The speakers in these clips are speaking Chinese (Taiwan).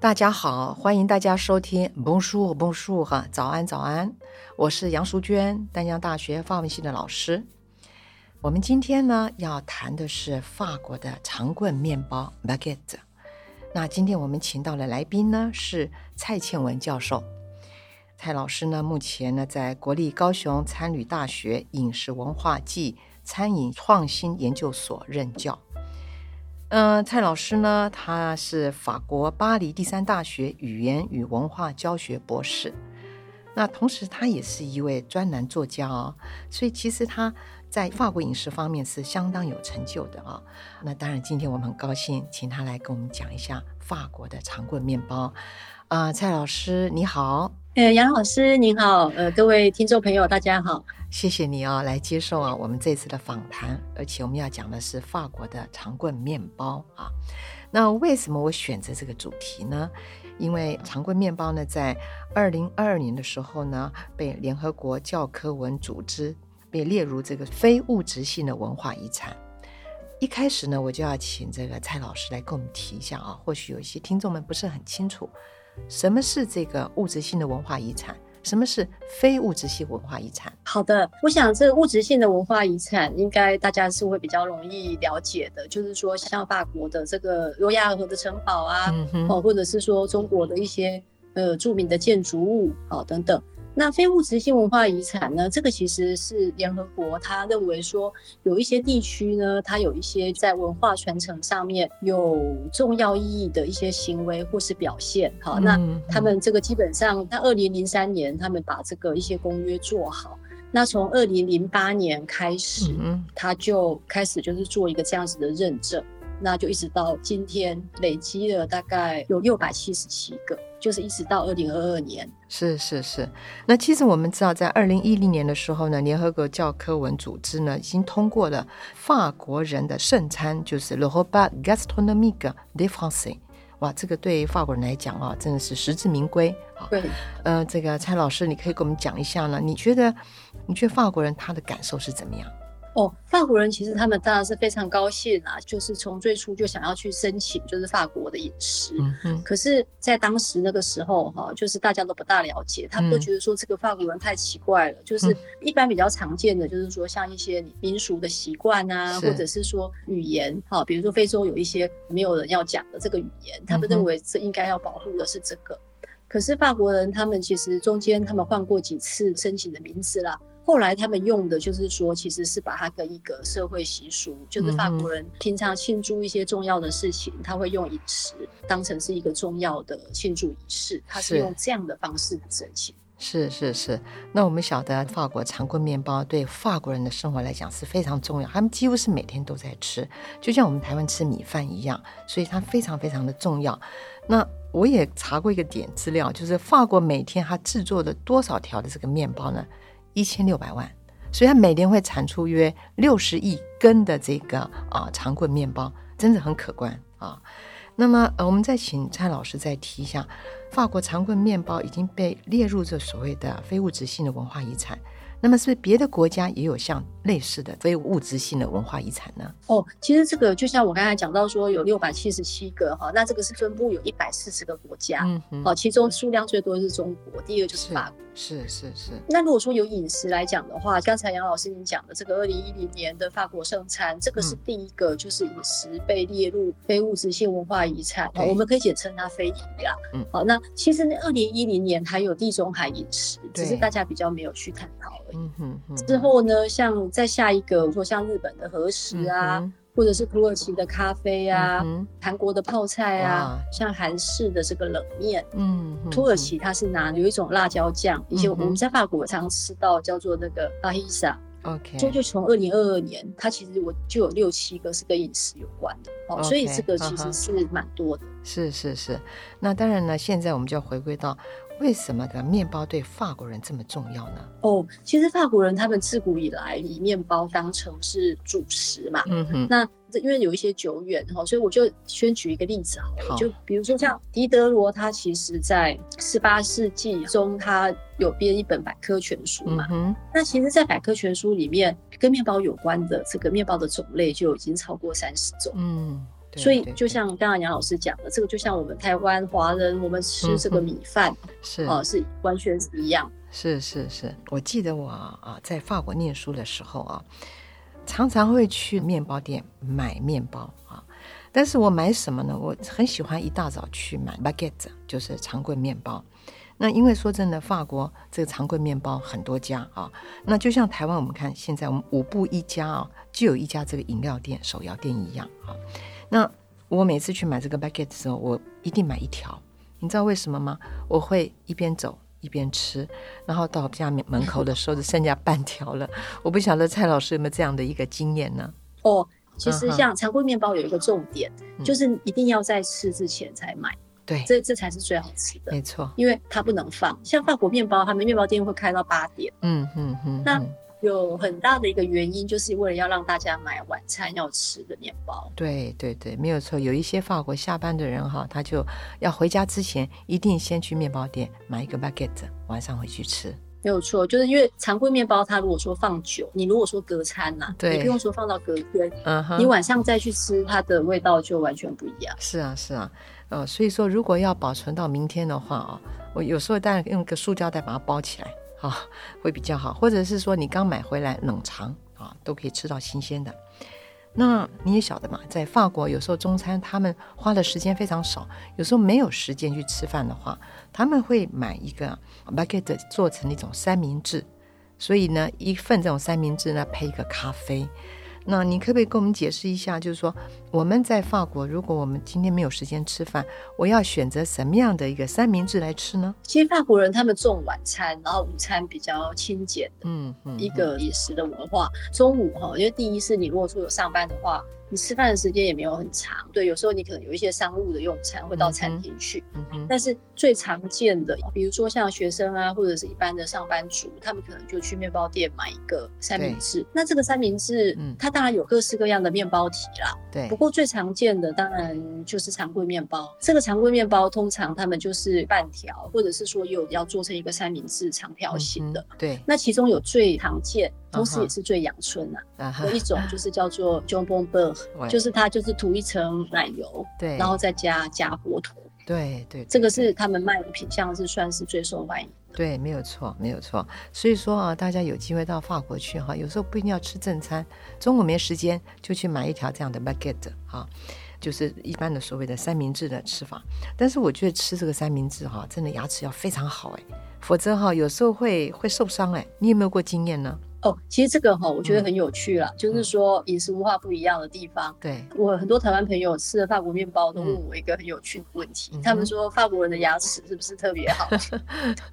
大家好，歡迎大家收聽 Bonjour, Bonjour, 哈，早安早安，我是楊淑娟，淡江大學法文系的老師。我們今天呢要談的是法國的長棍麵包 Baguette。那今天我們請到的來賓呢是蔡倩玟教授。蔡老師呢目前呢在國立高雄餐旅大學飲食文化暨餐飲創新研究所任教。嗯、呃，蔡老師呢，他是法國巴黎第三大學語言與文化教學博士，那同時他也是一位專欄作家哦，所以其實他在法國飲食方面是相當有成就的啊、哦。那當然，今天我們很高興請他來跟我們講一下法國的長棍麵包。啊、呃，蔡老師你好。呃，楊老師您好，呃，各位聽眾朋友，大家好，謝謝你啊、哦，來接受啊我們這次的訪談，而且我們要講的是法國的長棍麵包啊。那為什麼我選擇這個主題呢？因為長棍麵包呢，在二零二二年的時候呢，被聯合國教科文組織被列入這個非物質性的文化遺產。一開始呢，我就要請這個蔡老師來跟我們提一下啊，或許有一些聽眾們不是很清楚。什麼是這個物質性的文化遺產？什麼是非物質性文化遺產？好的，我想這個物質性的文化遺產應該大家是會比較容易了解的，就是說像法國的這個羅亞河的城堡啊，嗯哼，或者是說中國的一些呃著名的建築物，好、哦，等等。那非物質性文化遺產呢？這個其實是聯合國，他認為說有一些地區呢，它有一些在文化傳承上面有重要意義的一些行為或是表現。好，那他們這個基本上在二零零三年，他們把這個一些公約做好。那從二零零八年開始，他就開始就是做一個這樣子的認證。那就一直到今天，累積了大概有六百七十七個，就是一直到二零二二年。是是是。那其實我們知道，在二零一零年的時候呢，聯合國教科文組織呢已經通過了法國人的聖餐，就是 Le repas gastronomique des Français。哇，這個對法國人來講啊、哦，真的是實至名歸啊。對。呃，這個蔡老師，你可以跟我們講一下呢？你覺得，你覺得法國人他的感受是怎麼樣？哦，法國人其實他們當然是非常高興啊，就是從最初就想要去申請，就是法國的飲食。嗯、哼可是，在當時那個時候哈、啊，就是大家都不大了解，他們都覺得說這個法國人太奇怪了，嗯、就是一般比較常見的，就是說像一些民俗的習慣啊，嗯、哼或者是說語言哈、啊，比如說非洲有一些沒有人要講的這個語言，他們認為這應該要保護的是這個。嗯、哼可是法國人他們其實中間他們換過幾次申請的名字啦。後來他們用的就是說，其實是把它跟一個社會習俗，就是法國人平常慶祝一些重要的事情，嗯、哼他會用飲食當成是一個重要的慶祝儀式，他是用這樣的方式的整錢。是是是，那我們曉得法國長棍麵包對法國人的生活來講是非常重要，他們幾乎是每天都在吃，就像我們台灣吃米飯一樣，所以它非常非常的重要。那我也查過一個點資料，就是法國每天他製作的多少條的這個麵包呢？一千六百萬，所以它每年會產出約六十億根的這個啊長棍麵包，真的很可觀啊。那麼，呃，我們再請蔡老師再提一下，法國長棍麵包已經被列入這所謂的非物質性的文化遺產。那麼是別的國家也有像類似的非物質性的文化遺產呢？哦，其實這個就像我剛才講到說有六百七十七個哈，那這個是分布有一百四十個國家，哦、嗯，嗯、其中數量最多是中國，第二就是法國，是是是。是是是，那如果說有飲食來講的話，剛才楊老師您講的這個二零一零年的法國盛餐，這個是第一個就是飲食被列入非物質性文化遺產，嗯哦，我們可以簡稱它非遺啊。嗯、好，那其實呢，二零一零年還有地中海飲食，對只是大家比較沒有去看。嗯哼，嗯哼，之後呢，像再下一個，比如說像日本的和食啊，嗯、哼或者是土耳其的咖啡啊，韓、嗯、哼國的泡菜啊，哇像韓式的這個冷麵，嗯，哼嗯哼，土耳其它是拿有一種辣椒醬，以前我們在法國常吃到，叫做那個阿伊薩。OK，這就從二零二二年，它其實我就有六七個是跟飲食有關的、okay. uh huh. 哦，所以這個其實是蠻多的。是是是，那當然呢，現在我們就要回歸到為什麼的麵包對法國人這麼重要呢？哦，其實法國人他們自古以來以麵包當成是主食嘛，嗯哼那因為有一些久遠，所以我就先舉一個例子好了，好。就比如說像狄德羅，他其實在十八世紀中，他。有編一本百科全書嘛？嗯、哼那其實，在百科全書裡面，跟麵包有關的這個麵包的種類就已經超過三十種。嗯，對對對，所以就像剛剛楊老師講的，這個就像我們台灣華人，我們吃這個米飯，是、嗯、哼啊，是完全一樣。是是是，我記得我啊在法國念書的時候啊，常常會去麵包店買麵包啊，但是我買什麼呢？我很喜歡一大早去買 baguette，就是長棍麵包。那因為說真的，法國這個長棍麵包很多家啊、哦，那就像台灣我們看現在我們五步一家啊、哦，就有一家這個飲料店、手搖店一樣啊、哦。那我每次去買這個 baguette 的時候，我一定買一條，你知道為什麼嗎？我會一邊走一邊吃，然後到家門口的時候就剩下半條了。 我不曉得蔡老師有沒有這樣的一個經驗呢？哦，oh, 其實像長棍麵包有一個重點， 就是一定要在吃之前才買。對，這這才是最好吃的，沒錯，因為它不能放。像法國麵包，他們麵包店會開到八點。嗯嗯嗯。嗯嗯那有很大的一個原因，嗯、就是為了要讓大家買晚餐要吃的麵包。對對對，沒有錯。有一些法國下班的人哈，他就要回家之前一定先去麵包店買一個 baguette 晚上回去吃。沒有錯，就是因為長棍麵包，它如果說放久，你如果說隔餐吶、啊，對你不用說放到隔天，嗯哼，你晚上再去吃，它的味道就完全不一樣。是啊，是啊。呃，所以說，如果要保存到明天的話啊、哦，我有時候帶家用個塑膠袋把它包起來啊、哦，會比較好。或者是說，你剛買回來冷藏啊、哦，都可以吃到新鮮的。那你也曉得嘛，在法國有時候中餐他們花的時間非常少，有時候沒有時間去吃飯的話，他們會買一個 baguette 做成那種三明治，所以呢，一份這種三明治呢配一個咖啡。那你可不可以跟我們解釋一下？就是說我們在法國，如果我們今天沒有時間吃飯，我要選擇什麼樣的一個三明治來吃呢？其實法國人他們重晚餐，然後午餐比較清簡的，嗯嗯，一個飲食的文化。嗯嗯嗯、中午哈，因為第一是你如果說有上班的話。你吃飯的時間也沒有很長，對，有時候你可能有一些商務的用餐會到餐廳去，嗯嗯、但是最常見的，比如說像學生啊，或者是一般的上班族，他們可能就去麵包店買一個三明治。對那這個三明治，嗯、它當然有各式各樣的麵包體啦，對。不過最常見的當然就是長棍麵包。這個長棍麵包通常他們就是半條，或者是說有要做成一個三明治長條形的。嗯、對。那其中有最常見，同時也是最陽春啊，啊哈有一種就是叫做 jambon-beurre 就是它，就是塗一層奶油，對，然後再加加火腿。對對，對這個是他們賣的品相是算是最受歡迎的，對，沒有錯，沒有錯。所以說啊，大家有機會到法國去哈，有時候不一定要吃正餐，中午沒時間就去買一條這樣的 baguette 哈，就是一般的所謂的三明治的吃法。但是我覺得吃這個三明治哈，真的牙齒要非常好誒，否則哈有時候會會受傷誒。你有沒有過經驗呢？哦，其實這個哈，我覺得很有趣了，嗯、就是說飲食文化不一樣的地方。對、嗯、我很多台灣朋友吃了法國麵包，都問我一個很有趣的問題，嗯、他們說法國人的牙齒是不是特別好？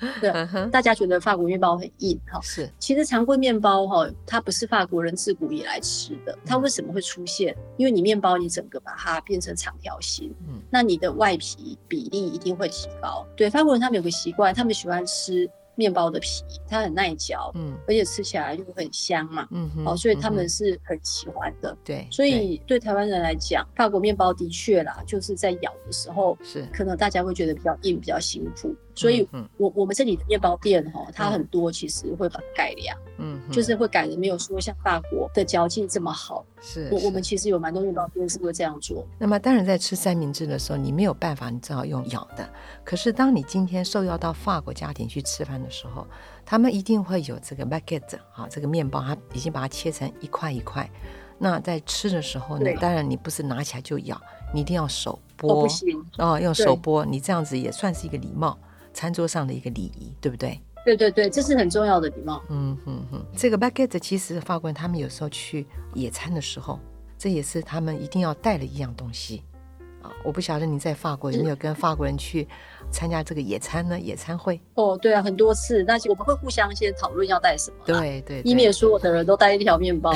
嗯、對，嗯、大家覺得法國麵包很硬哈。是，其實長棍麵包哈，它不是法國人自古以來吃的。它為什麼會出現？嗯、因為你麵包你整個把它變成長條形，嗯、那你的外皮比例一定會提高。對，法國人他們有個習慣，他們喜歡吃。麵包的皮，它很耐嚼，嗯，而且吃起來就很香嘛，嗯哼，哦，所以他們是很喜歡的，嗯、對，對，所以對台灣人來講，法國麵包的確啦，就是在咬的時候，是可能大家會覺得比較硬，比較辛苦。所以我，我我們這裡的麵包店哈、哦，嗯、哼它很多其實會把它改良，嗯哼，就是會改的沒有說像法國的嚼勁這麼好。是，是，我我們其實有蠻多麵包店是會這樣做。那麼當然，在吃三明治的時候，你沒有辦法，你只好用咬的。可是，當你今天受邀到法國家庭去吃飯的時候，他們一定會有這個 baguette、哦、這個麵包，它已經把它切成一塊一塊。那在吃的時候呢，對當然你不是拿起來就咬，你一定要手剝，哦，不哦，用手剝，對你這樣子也算是一個禮貌。餐桌上的一個禮儀，對不對？對對對，這是很重要的禮貌。嗯哼哼、嗯嗯，這個 baguette 其實法國人他們有時候去野餐的時候，這也是他們一定要帶的一樣東西。我不曉得你在法國有沒有跟法國人去參加這個野餐呢？野餐會哦，對啊，很多次。那我們會互相先討論要帶什麼，對，對對，以免所有的人都帶一條麵包，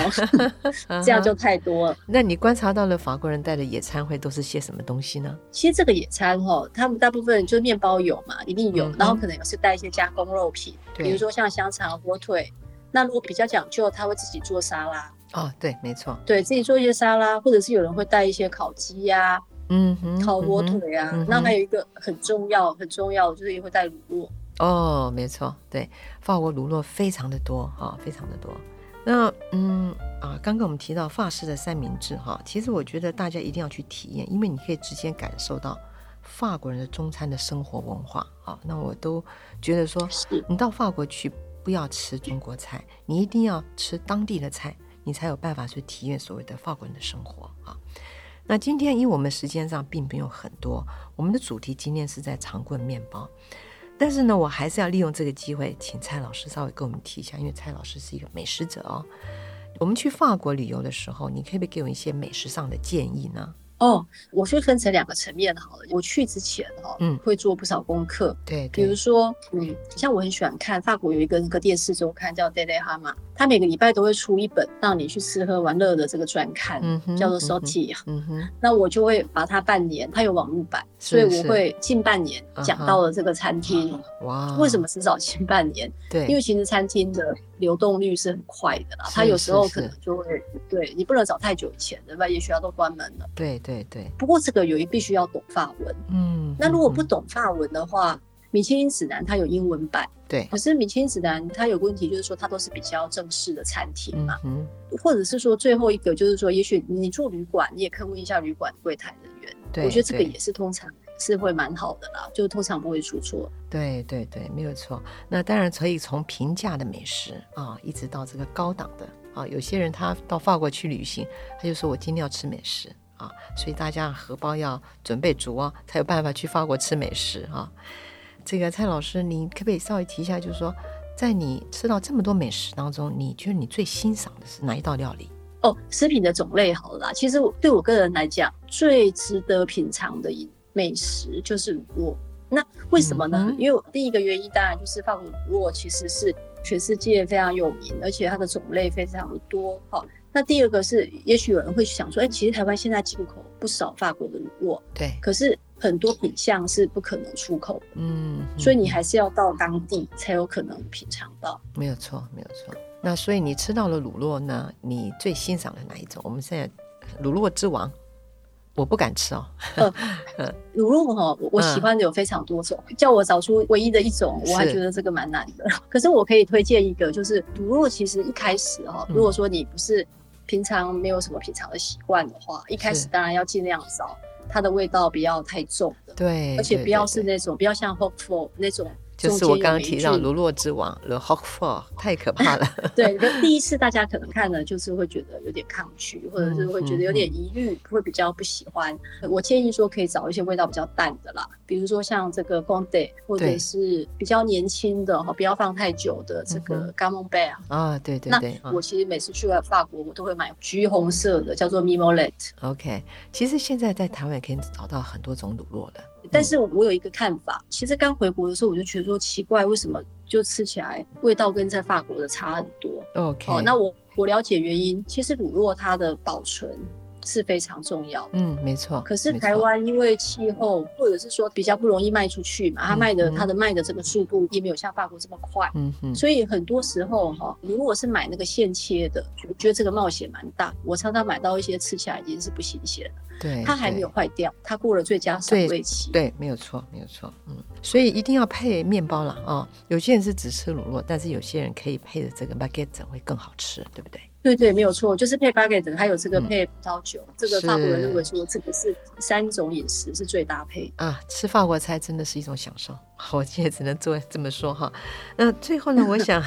這樣就太多了、啊。那你觀察到了法國人帶的野餐會都是些什麼東西呢？其實這個野餐哈、喔，他們大部分就是麵包有嘛，一定有。嗯嗯，然後可能也是帶一些加工肉品，對比如說像香腸、火腿。那如果比較講究，他會自己做沙拉。哦，對，沒錯，對自己做一些沙拉，或者是有人會帶一些烤雞呀、啊。嗯哼，烤火腿啊，嗯、哼那還有一個很重要、嗯、哼很重要，就是也會帶乳酪。哦，沒錯，對，法國乳酪非常的多哈、哦，非常的多。那嗯啊，剛剛我們提到法式的三明治哈、哦，其實我覺得大家一定要去體驗，因為你可以直接感受到法國人的中餐的生活文化啊、哦。那我都覺得說，是你到法國去不要吃中國菜，你一定要吃當地的菜，你才有辦法去體驗所謂的法國人的生活啊。哦那今天，因為我們時間上並沒有很多，我們的主題今天是在長棍麵包，但是呢，我還是要利用這個機會，請蔡老師稍微跟我們提一下，因為蔡老師是一個美食者哦。我們去法國旅遊的時候，你可不可以給我一些美食上的建議呢？哦，我是分成兩個層面的，好了，我去之前哦，嗯，會做不少功課，對，對，比如說，嗯，像我很喜歡看法國有一個那個電視週刊叫《Télérama》他每個禮拜都會出一本讓你去吃喝玩樂的這個專刊，嗯、哼叫做 ier,、嗯《Salty、嗯》。那我就會把他半年，它有網路版，是是所以我會近半年講到了這個餐廳。哇！uh！Huh. 為什麼至少近半年？Uh huh. wow. 因為其實餐廳的流動率是很快的啦，對它有時候可能就會是是是，對你不能找太久以前的，萬一學校都關門了。對對對。不過這個由於必須要懂法文。嗯、uh，huh. 那如果不懂法文的話。米其林指南它有英文版，對。可是米其林指南它有個問題，就是說它都是比較正式的餐廳嘛，嗯、哼或者是說最後一個，就是說也許你住旅館，你也可以問一下旅館櫃台人員。對，我覺得這個也是通常是會蠻好的啦，對就通常不會出錯。對對對，沒有錯。那當然可以從平價的美食啊、哦，一直到這個高檔的啊、哦。有些人他到法國去旅行，他就說我今天要吃美食啊、哦，所以大家荷包要準備足哦，才有辦法去法國吃美食啊。哦這個蔡老師，你可不可以稍微提一下？就是說，在你吃到這麼多美食當中，你覺得你最欣賞的是哪一道料理？哦，食品的種類好了啦，其實對我個人來講，最值得品嘗的一美食就是乳酪。那為什麼呢？嗯、因為第一個原因當然就是法國乳酪其實是全世界非常有名，而且它的種類非常的多。哈、哦，那第二個是，也許有人會想說，誒、哎，其實台灣現在進口不少法國的乳酪。對，可是。很多品相是不可能出口的，嗯，所以你還是要到當地才有可能品嚐到，嗯嗯。沒有錯，沒有錯。那所以你吃到了乳酪呢？你最欣賞的哪一種？我們現在乳酪之王，我不敢吃哦，喔。乳、 呃、酪哈，我喜歡的有非常多種，嗯，叫我找出唯一的一種，我還覺得這個蠻難的。是可是我可以推薦一個，就是乳酪。其實一開始哈，嗯，如果說你不是平常沒有什麼品嚐的習慣的話，是一開始當然要儘量少。它的味道不要太重的，對，而且不要是那種，對對對，不要像 hopeful 那種。就是我剛剛提到乳酪之王，The h o f m r 太可怕了。 對，就第一次大家可能看了就是會覺得有點抗拒，或者是會覺得有點疑慮，嗯嗯會比較不喜歡。我建議說，可以找一些味道比較淡的啦，比如說像這個 Comté，或者是比較年輕的，哈對、哦，不要放太久的這個 Camembert、嗯、啊，對對對。那、啊、我其實每次去了法國，我都會買橘紅色的，叫做 Mimolette OK，其實現在在台灣也可以找到很多種乳酪的。但是我有一個看法，其實剛回國的時候我就覺得說奇怪，為什麼就吃起來味道跟在法國的差很多好 Okay.、哦，那我我了解原因，其實乳酪它的保存。是非常重要，嗯，沒錯。可是台灣因為氣候，錯或者是說比較不容易賣出去嘛，它、嗯、賣的它、嗯、的賣的這個速度也沒有像法國這麼快，嗯哼。嗯，所以很多時候哈、哦，如果是買那個現切的，我覺得這個冒險蠻大。我常常買到一些吃起來已經是不新鮮了，對，它還沒有壞掉，它對過了最佳賞味期對，對，沒有錯，沒有錯，嗯。所以一定要配麵包了啊、哦！有些人是只吃乳酪，但是有些人可以配的這個 baguette 會更好吃，對不對？對對，沒有錯，就是配 baguette 還有這個配葡萄酒，嗯、這個法國人認為說是這個是三種飲食是最搭配啊。吃法國菜真的是一種享受，我現在只能做這麼說哈。那最後呢， 我想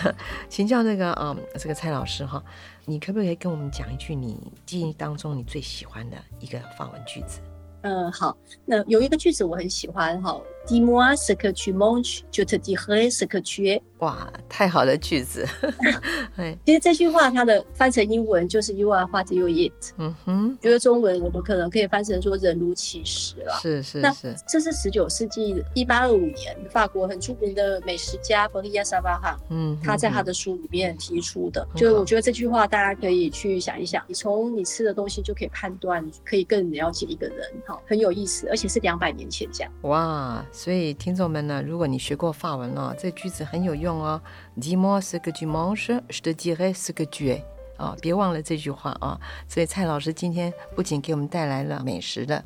請教那個啊、嗯，這個蔡老師哈，你可不可以跟我們講一句你記憶當中你最喜歡的一個法文句子？嗯，好，那有一個句子我很喜歡哈。Moi, en, que, 哇，太好的句子！ 其實這句話它的翻成英文就是 “You are what you eat” 嗯哼，覺得中文我們可能可以翻成說“人如其食了。是，是是，那是這是十九世紀一八二五年，法國很著名的美食家伯利亞薩巴哈，嗯，嗯，他在他的書裡面提出的。嗯、哼就我覺得這句話大家可以去想一想，你、嗯、哼從你吃的東西就可以判斷，可以更了解一個人，哈，很有意思，而且是兩百年前講。哇！所以，聽眾們呢，如果你學過法文了，哦，這句子很有用哦。Dîme 是個句末式，Stirer 是個句哎，啊，別忘了這句話啊，哦。所以，蔡老師今天不僅給我們帶來了美食的，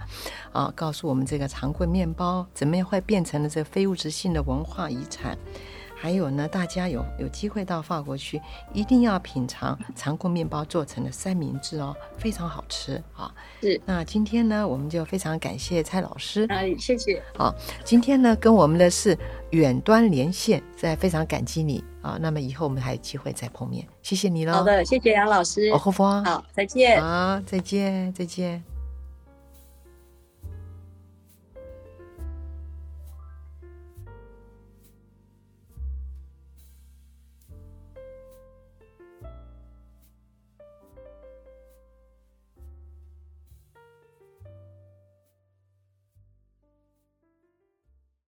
啊，告訴我們這個長棍麵包怎麼會變成了這非物質性的文化遺產。還有呢，大家有有機會到法國去，一定要品嘗長棍麵包做成的三明治哦，非常好吃啊。好是。那今天呢，我們就非常感謝蔡老師啊、哎，謝謝。好、哦，今天呢，跟我們的是遠端連線，再非常感激你啊、哦。那麼以後我們還有機會再碰面，謝謝你了。好的，謝謝楊老師。哦、好，好，再見。好、哦，再見，再見。